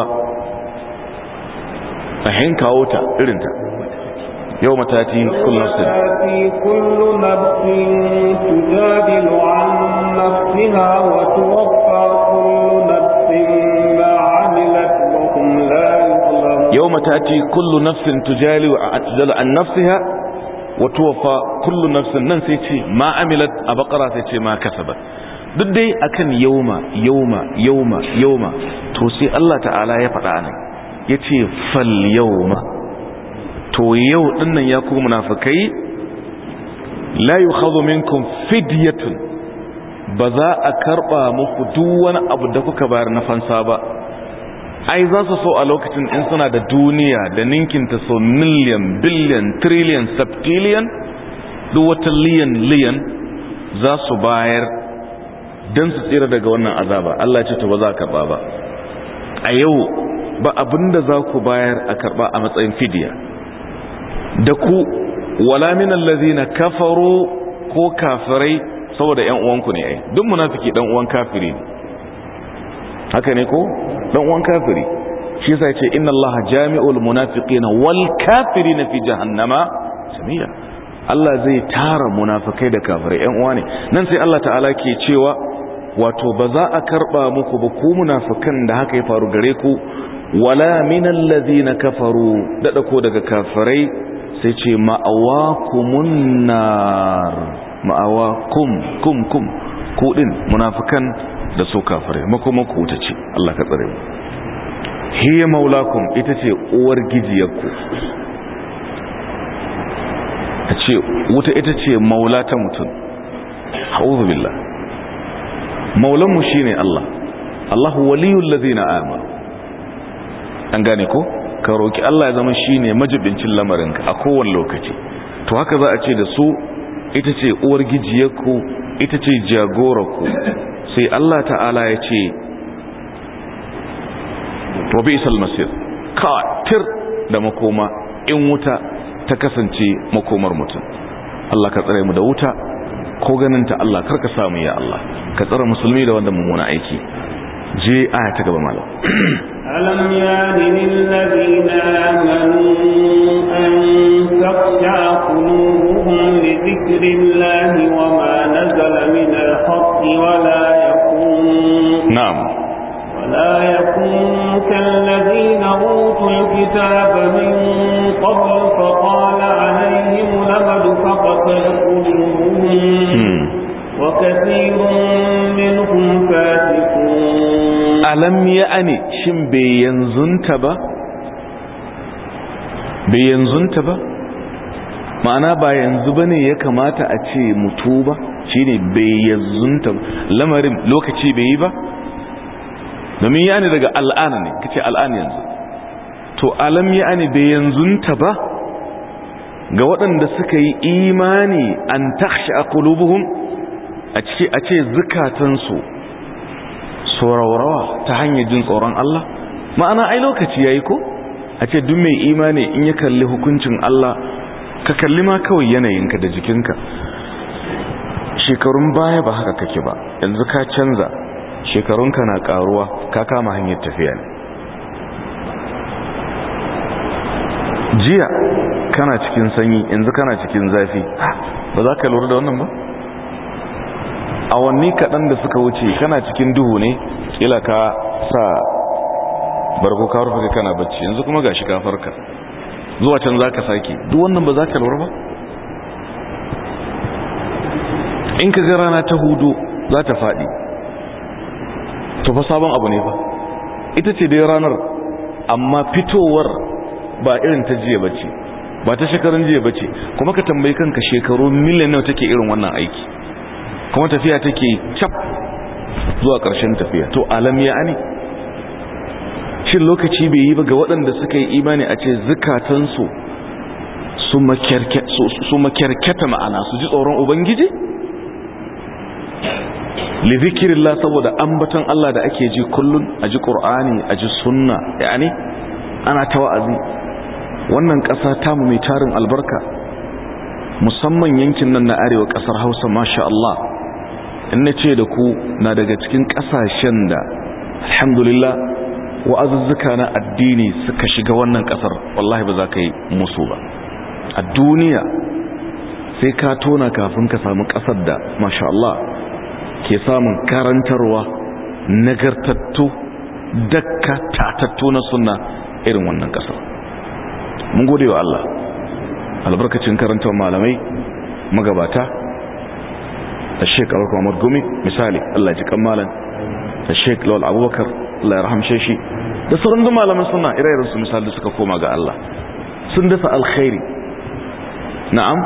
fahin kawo ta irinta yau matati kullum sun kullu nafsin tujadilu an wa tuwaffa kullu nafsin ma amilat wa la yau matati kullu nafsin tujadilu an nafsiha wa tuwaffa kullu nafsin nan sai ce ma amilat a bakara sai ce ma kasabat duk dai akan yauma yauma yauma yauma to sai Allah ta'ala ya faɗa ne ya ce fal yau ma to yau ɗinnan ya kuma munafikai la yi hazo minkum fidyatun ba za a karɓa muku duk wani abu da kuka bayar na fansa ba ai za su so a lokacin in suna da duniya da ninkinta so miliyan biliyan trillion septillion duk liyan liyan za su bayar don su tsira daga wannan azaba Allah ce to ba za a karɓa ba a yau ba abinda za ku bayar a karba a matsayin fidiya da ku wala min na kafaro ko kafirai saboda yan uwanku ne ai duk munafiki dan uwan kafiri haka ne ko dan uwan kafiri shi yasa yace inna allaha jami'ul munafiqina wal kafirina fi jahannama samiya Allah zai tara munafikai da kafirai yan uwa ne nan sai Allah ta'ala ke cewa wato ba za a karba muku ba ku munafikan da haka ya faru gare ku wala min allazina kafaru dada ko daga kafirai sai ce ma'awakumun nar ma'awakum kum kum ku din munafikan da su kafirai mako ku ta ce Allah ka tsare mu hiya maulakum ita ce uwar gijiyarku ta ce wuta ita ce maula ta mutum a'udhu billah maulanmu mu shine Allah Allahu waliyun lazina amur an gane ko ka roƙi Allah ya zama shine ne majibincin lamarinka a kowane lokaci to haka za a ce da su ita ce uwar gijiyarku ita ce ku sai Allah ta'ala ya ce wabi isal masir katir da makoma in wuta ta kasance makomar mutum Allah ka tsare mu da wuta ko ganinta Allah kar ka samu ya Allah ka tsara musulmi da wanda mummuna aiki je aya ta gaba malam alam ya lil ladina amanu an taqta qulubuhum li dhikrillahi wa ma nazala min al-haqq wa la yakun na'am wa la yakun kal ladina utul kitaba min qabl fa qala ana الذهب فقط قلوبهم hmm. وكثير منهم فاسقون ألم يأني شم بينزنت با بينزنت با ma'ana ba yanzu bane ya kamata a ce mutu ba shine bai yanzunta lamarin lokaci bai yi ba domin ya ne daga al'ana ne kace al'ana yanzu to alam ya ne bai yanzunta ba ga waɗanda suka yi imani an tashi a kulubuhun a ce zukatansu saurawa ta hanyar jin tsoron Allah ma'ana ai lokaci ya yi ko a ce duk mai imani in ya kalli hukuncin Allah ka kalli ma kawai yanayinka da jikinka shekarun baya ba haka kake ba yanzu ka canza shekarunka na karuwa ka kama hanyar tafiya ne jiya kana cikin sanyi yanzu kana cikin zafi ba za ka lura da wannan ba awanni kaɗan da suka wuce kana cikin duhu ne kila ka sa barko ka rufe kana bacci yanzu kuma gashi ka farka zuwa can za ka sake duk wannan ba za ka lura ba in ka ga rana ta hudu za ta faɗi to fa sabon abu ne ba ita ce dai ranar amma fitowar ba irin ta jiya bacci. ba ta shekarun jiya ba ce kuma ka tambayi kanka shekaru miliyan nawa take irin wannan aiki kuma tafiya take cap zuwa ƙarshen tafiya to alam ya ani shin lokaci bai yi ba ga waɗanda suka yi imani a ce zukatansu su makyarketa ma'ana su ji tsoron ubangiji li la saboda ambaton Allah da ake ji kullun a ji qur'ani a ji sunna yani ana ta wa'azi wannan ƙasa tamu mai tarin albarka musamman yankin nan na arewa ƙasar hausa masha Allah in na ce da ku na daga cikin ƙasashen da alhamdulillah wa'azuzzuka na addini suka shiga wannan ƙasar wallahi ba za ka yi musu ba a duniya sai ka tona kafin ka samu ƙasar da masha Allah ke samun karantarwa nagartattu dakka tatattu na sunna irin wannan ƙasar mun gode wa Allah albarkacin karanta malamai magabata a sheik abubakar amur gumi misali Allah ji kan malam a sheik lawal abubakar Allah ya rahamshe shi da sauran da malaman suna irayen su misali suka koma ga Allah sun dafa alkhairi na'am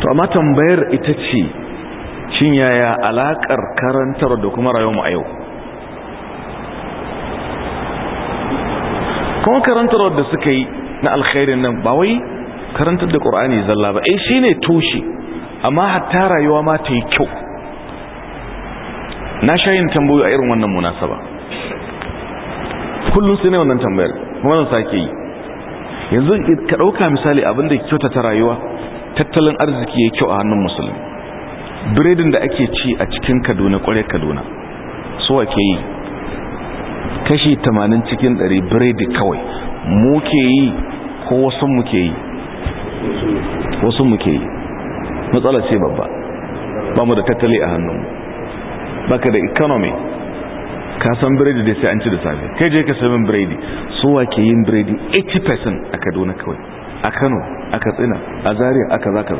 to amma tambayar ita ce shin yaya alakar karantar da kuma rayuwar mu a yau kuma karantar da suka yi na alkhairin nan ba wai karantar da qur'ani zalla ba eh shine tushe amma hatta rayuwa ma ta yi kyau na shayin tambayoyi a irin wannan munasaba kullum sai ne wannan tambayar kuma zan sake yi yanzu ka ɗauka misali abin da kyauta ta rayuwa tattalin arziki ya kyau a hannun musulmi biredin da ake ci a cikin kaduna ƙwarai kaduna so ake yi kashi 80 cikin 100 biredi kawai Muke yi ko wasu muke yi wasu muke yi matsala ce babba ba mu da tattali a hannunmu baka da economy ka san biredi da sai an ci da safe kai je ka samin biredi wa ke yin biredi 80% a kaduna kawai a kano a katsina a zaria za ka za ka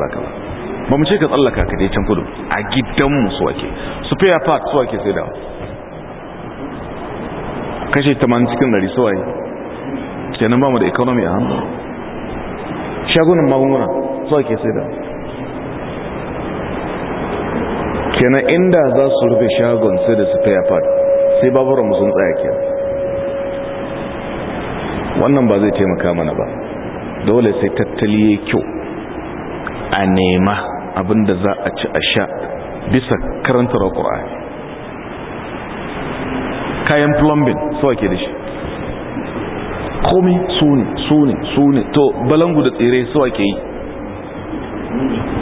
ba mu ce ka tsallaka ka je can kudu a gidanmu su wake su fiya part su wake sai da kashe 80 cikin 100 su waye kenan ba mu da economy a hannu shagunan magunguna so ke sai da kenan inda za su rufe shagon sai da su pay sai baburan mu sun tsaya kenan wannan ba zai taimaka mana ba dole sai tattali ya kyau a nema abinda za a ci a sha bisa karanta ƙura'ani kayan plumbing so ke da shi komai su ne su ne su ne to balangu da tsire su ake yi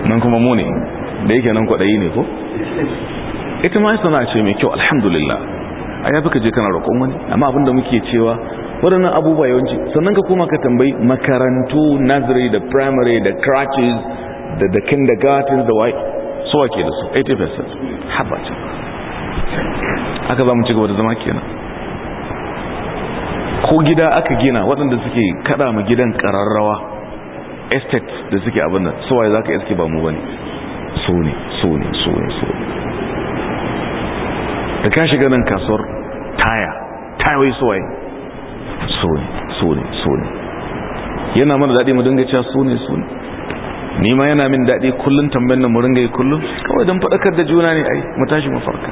nan kuma mu ne da yake nan kwaɗayi ne ko ita ma sana ce mai kyau alhamdulillah a ya ka je kana roƙon wani amma abinda muke cewa waɗannan abubuwa yawanci sannan ka koma ka tambayi makarantu nazari da primary da crutches da da kindergarten da wai so ake da su 80% haɓacin ce aka za mu ci gaba da zama kenan ko gida aka gina waɗanda suke kada ma gidan ƙararrawa estate da suke abin nan wai za ka iske ba mu ba ne so ne so ne so ne so ne da ka shiga nan kasuwar taya tayawai wai so ne so ne so ne yana mana daɗi mu dinga cewa so ne so ne ni ma yana min daɗi kullum tambayar nan mu ringa yi kullum kawai don faɗakar da juna ne ai mu tashi mu farka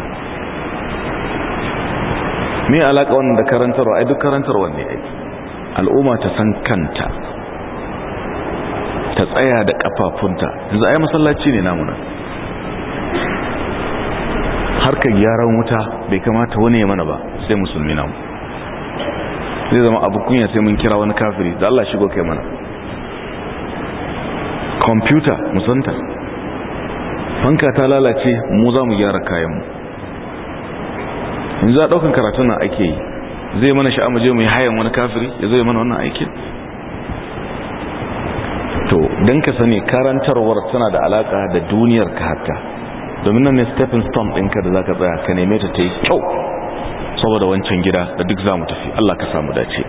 mai alaƙa wannan da karantarwa a duk karantarwa ne ai al'umma ta san kanta ta tsaya da za yanzu yi masallaci ne namuna harkar gyaran wuta bai kamata wani ya mana ba sai musulmi namu zai zama abu kunya sai mun kira wani kafiri da Allah shigo kai mana kwamfuta musanta fanka ta lalace mu za mu gyara kayanmu In za a ɗaukan karatun nan ake yi zai mana sha'a mu je mu yi hayan wani kafiri ya zai mana wannan aikin to don ka sani karantarwar tana da alaka da duniyar ka hatta domin nan ne stephen stone ɗinka da za ka tsaya ka neme ta ta yi kyau saboda wancan gida da duk za mu tafi Allah ka samu dace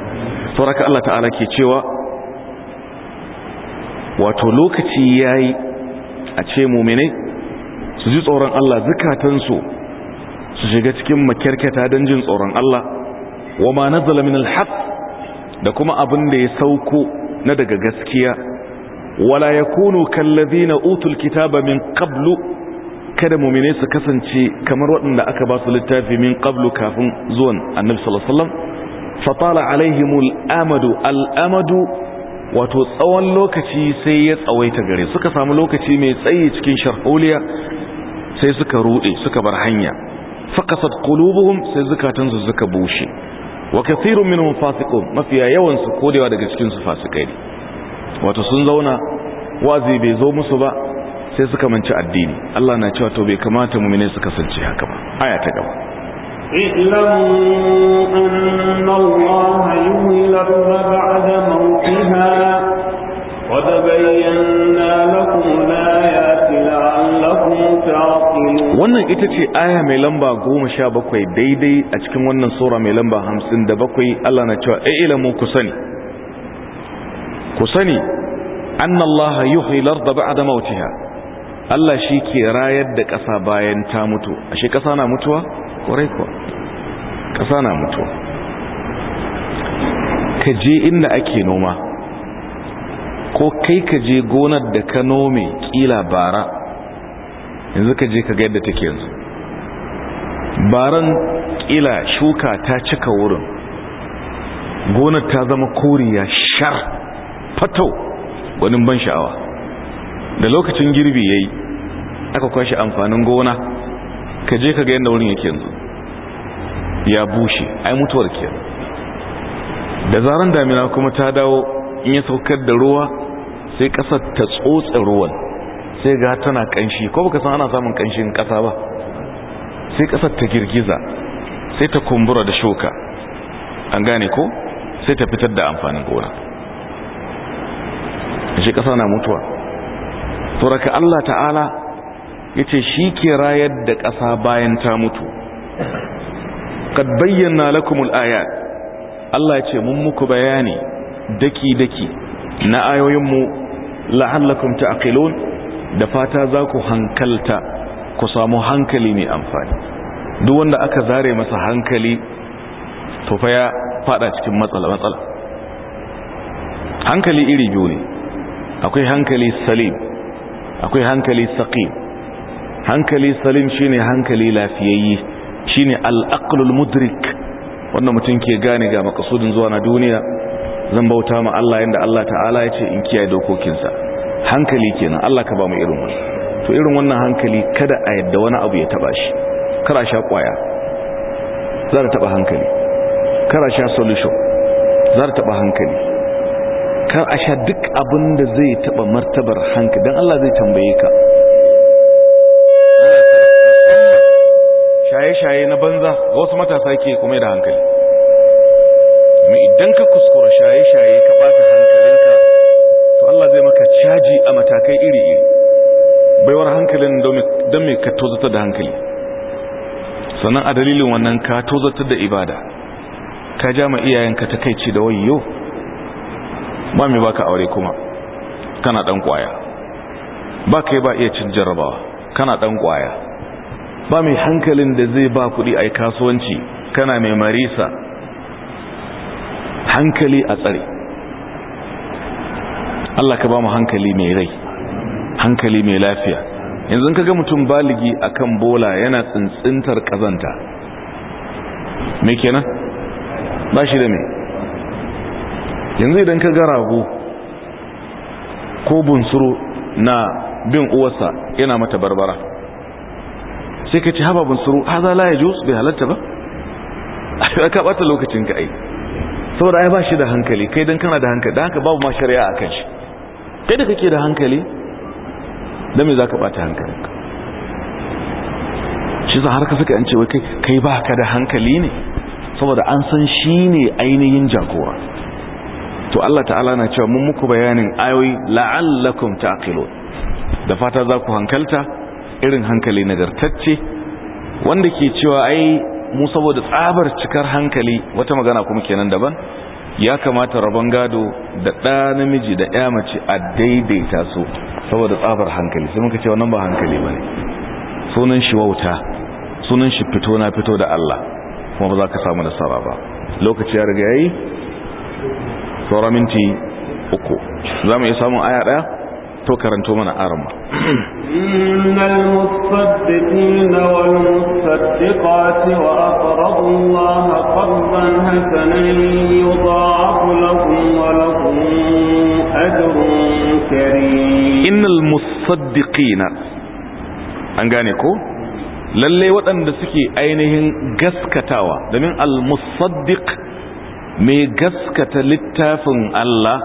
sauraka Allah ta'ala ke cewa wato lokaci ya yi a ce mene su ji tsoron Allah zukatansu su shiga cikin makyarkata don jin tsoron Allah wa ma na min alhaq da kuma abin da ya sauko na daga gaskiya wala yakunu kallazina utul kitaba min qablu kada mu'mine su kasance kamar waɗanda aka ba su littafi min qablu kafin zuwan annabi sallallahu fatala alaihimul amadu al amadu wato tsawon lokaci sai ya tsawaita gare suka samu lokaci mai tsayi cikin sharholiya sai suka ruɗe suka bar hanya fakasat qulubuhum sai zukatan suka bushe wa kathirun minhum fasiqun mafiya yawan su kodewa daga cikin su fasikai wato sun zauna wazi bai zo musu ba sai suka manci addini Allah na cewa to bai kamata mu'mine su kasance haka ba aya ta gaba اعلموا أن الله يهلك بعد wannan ita ce aya mai lamba goma sha bakwai daidai a cikin wannan tsora mai lamba hamsin da bakwai Allah na cewa e ilamu ku sani ku sani an Allah ba'a da ba'da ha. Allah shi ke rayar da ƙasa bayan ta mutu ashe ƙasa na mutuwa kwarai kuwa ƙasa na mutuwa ka je inda ake noma ko kai ka je gonar da ka nome kila bara yanzu ka je ka ga yadda take yanzu baran kila shuka ta cika wurin gonar ta zama koriya shar fato gwanin ban sha'awa da lokacin girbi ya yi aka kwashe amfanin gona ka je ka ga yadda wurin yake yanzu ya bushe ai mutuwar ke da zaren damina kuma ta dawo in ya saukar da ruwa sai kasar ta tsotsa ruwan sai ga tana kanshi ko baka san ana samun kanshin kasa ba sai kasar ta girgiza sai ta kumbura da shoka an gane ko sai ta fitar da amfanin gona shi kasa na mutuwa sauraka Allah ta'ala ya ce shi ke rayar da ƙasa bayan ta mutu kad bayyana lakumul ayat Allah ya ce mun muku bayani daki-daki na ayoyinmu la'allakum ta'qilun da fata za ku hankalta ku samu hankali mai amfani duk wanda aka zare masa hankali to fa ya fada cikin matsala matsala hankali iri biyu ne akwai hankali salim akwai hankali saqim hankali salim shine hankali lafiyayye shine al-aqlul mudrik wannan mutum ke gane ga makasudin zuwa na duniya zan bauta ma Allah yanda Allah ta'ala ya ce in kiyaye dokokinsa hankali kenan Allah ka ba mu irin wannan to irin wannan hankali kada a yadda wani abu ya taba shi kara sha kwaya za ta taba hankali kara sha solution za ta taba hankali kar a sha duk abin da zai taba martabar hankali dan Allah zai tambaye ka shaye-shaye na banza ga wasu matasa ke kuma da hankali mai idan ka kuskura shaye-shaye ka ɓata hankali Allah zai maka caji a matakai iri-iri baiwar hankalin don mai ka tozata da hankali sannan a dalilin wannan ka tozata da ibada ka ja ma iyayenka ta kai ce da wayo ba mai baka aure kuma kana dan kwaya ba kai ba iya cin jarabawa? kana dan kwaya ba mai hankalin da zai ba kuɗi a kasuwanci kana mai marisa hankali a tsare Allah ka ba mu hankali mai rai hankali mai lafiya yanzu ka ga mutum baligi akan bola yana tsintsintar kazanta me kenan ba shi da me yanzu idan ka ga rago ko bunsuru na bin uwarsa yana mata barbara sai ka ci haba bunsuru za laye ya bai halatta ba a *laughs* ka bata lokacin ka ai saboda ai ba shi da hankali kai don kana da hankali don haka babu ma shari'a akan shi kai da kake da hankali da me za ka ɓata hankali shi za har ka suka yance wai kai ba ka da hankali ne saboda an san shi ne ainihin jagowa. to Allah ta'ala na cewa mun muku bayanin ayoyi la'allakum ta'qilun da fata za ku hankalta irin hankali nagartacce wanda ke cewa ai mu saboda tsabar cikar hankali wata magana kuma kenan daban ya kamata rabon gado da ɗa namiji da ya mace a daidaita su saboda tsabar hankali sai muka ce wannan ba hankali ba ne sunan shi wauta sunan shi fito na fito da Allah kuma ba za ka samu nasara ba lokaci ya riga yayi saura minti uku za mu iya samun aya ɗaya to karanto mana arama innal musaddiqina wal musaddiqati wa aqradu qardan hasanan yudha'afu lahum wa lahum ajrun karim innal musaddiqina an gane ko lalle waɗanda suke ainihin gaskatawa domin al musaddiq mai gaskata littafin Allah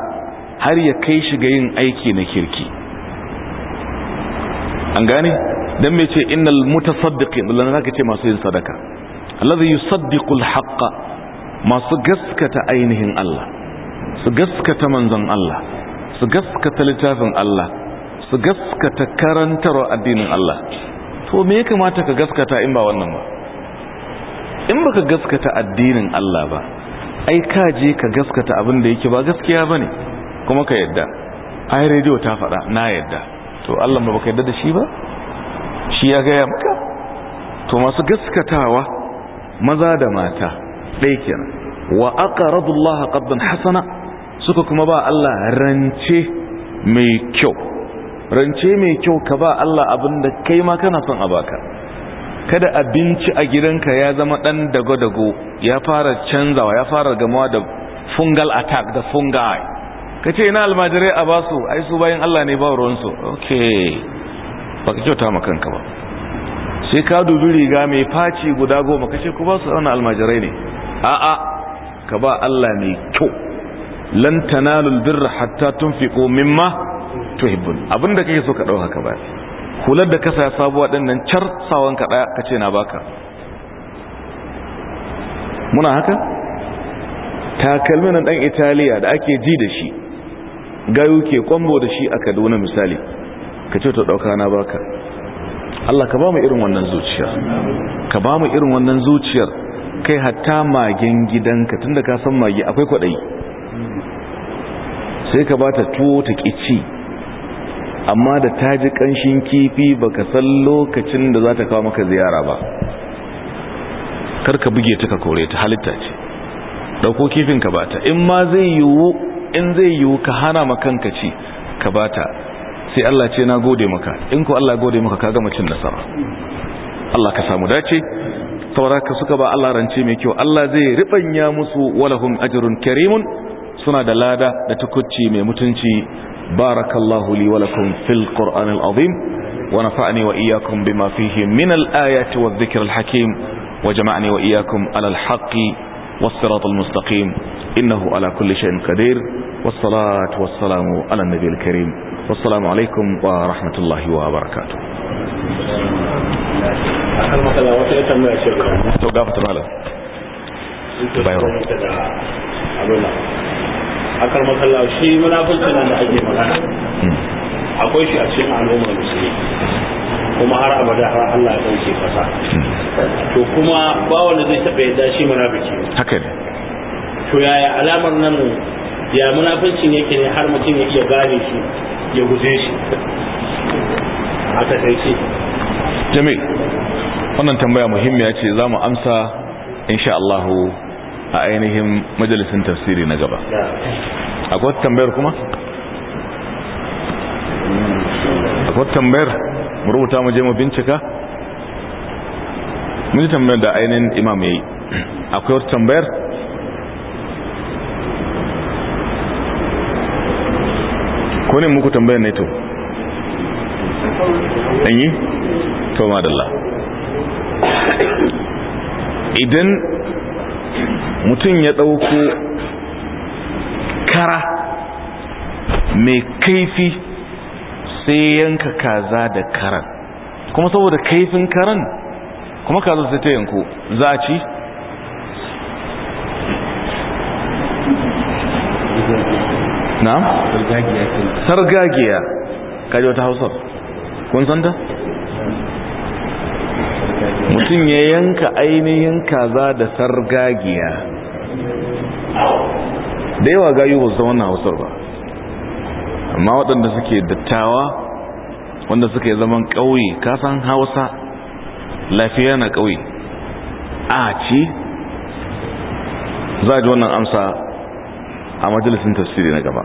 har ya kai shi ga yin aiki na kirki an gane dan me ce innal mutasaddiqin Allah zaka ce masu yin sadaka allazi yusaddiqu alhaqa masu gaskata ainihin Allah su gaskata manzon Allah su gaskata littafin Allah su gaskata karantarwa addinin Allah to me ya kamata ka gaskata in ba wannan ba in baka gaskata addinin Allah ba ai ka je ka gaskata abin da yake ba gaskiya bane kuma ka yadda ai rediyo ta faɗa na yadda to Allah ba ka yadda da shi ba shi ya gaya maka to masu gaskatawa maza da mata ɗaya kenan wa aqradu Allah qaddan hasana suka kuma ba Allah rance mai kyau rance mai kyau ka ba Allah abin da kai ma kana son a baka kada abinci a gidanka ya zama dan dago-dago ya fara canzawa ya fara gamawa da fungal attack da fungi ka ce ina almajirai a basu ai su bayan Allah ne ba ruwansu ok ba ka kyauta makanka ba sai ka dubi riga mai faci guda goma ka ce ku ba su ana almajirai ne a'a ka ba Allah mai kyau lan tanalul birra hatta tunfiqu mimma tuhibbun abinda kake so ka dauka ka ba hular da kasa sabuwa din nan car sawan ka daya kace na baka muna haka takalmin dan Italiya da ake ji da shi gayu ke kwambo da shi a kaduna misali ka ce ta dauka na baka Allah ka ba mu irin wannan zuciyar ka ba mu irin wannan zuciyar kai hatta magen gidanka tunda ka san mage akwai kwaɗayi sai ka ba ta tuwo ta ƙici amma da ta ji ƙanshin kifi ba ka san lokacin da za ta kawo maka ziyara ba Kar ka buge ta ka kore ta halitta ce ɗauko kifin ka ba in ma zai yiwu in zai yiwu ka hana ma kanka ci ka bata sai Allah ce na gode maka in ko Allah gode maka ka gama cin nasara Allah ka samu dace sauraka suka ba Allah rance mai kyau Allah zai rubanya musu walahum ajrun karimun suna da lada da tukucci mai mutunci barakallahu li walakum lakum fil qur'anil azim wa nafa'ani wa iyyakum bima fihi min al ayati wa dhikr al hakim wa jama'ani wa iyyakum ala al haqqi was siratal mustaqim innahu ala kulli shay'in qadir والصلاة والسلام على النبي الكريم والسلام عليكم ورحمة الله وبركاته akar matsala shi munafincin nan da ake magana akwai shi a cikin al'ummar musulmi kuma har abada har Allah ya kasa to kuma ba wanda zai taɓa yadda shi munafiki haka ne to yaya alamar nan ya ne yake ne har mutum ya iya gane shi ya guje shi a ce? Jami. wannan tambaya muhimmiya ce za mu amsa insha Allah a ainihin majalisin tafsiri na gaba akwai tambayar kuma? akwai tambayar mu rubuta mu je mu bincika? mun tambayar da ainihin imam yayi akwai tambayar ko ne muku tambayar ne to an yi to dalla idan mutum ya ɗauko kara mai kaifi sai yanka kaza da karan kuma saboda kaifin karan kuma kaza sai ta yanku za a ci na? sargagiya kaji wata hausar kun santa? mutum ya yanka ainihin kaza da sargagiya da yawa gayu ba su wannan hausar ba amma waɗanda suke dattawa wanda suka yi zaman ƙauye kasan hausa lafiya na ƙauye a ce za ji wannan amsa a majalisun tafsiri na gaba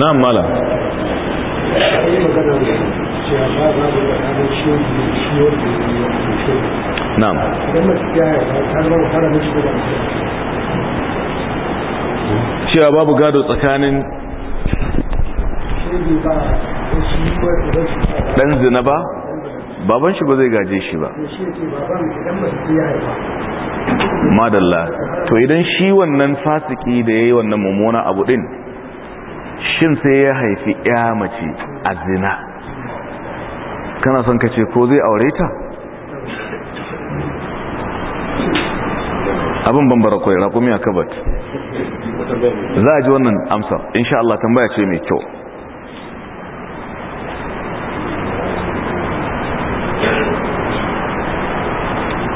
na'am mala na'am cewa babu gado tsakanin dan zina ba baban shi ba zai gaje shi ba madalla to idan shi wannan fasiki da yayi wannan mummuna abu din shin sai ya haifi ya mace a zina kana son ka ce ko zai aure ta abin bambara kawai rakumi a kabat za a ji wannan amsa insha Allah tambaya ce mai kyau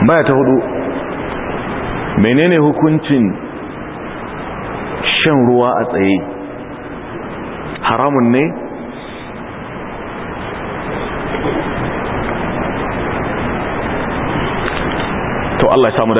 baya ta hudu menene hukuncin shan ruwa a tsaye haramun ne to Allah ya samu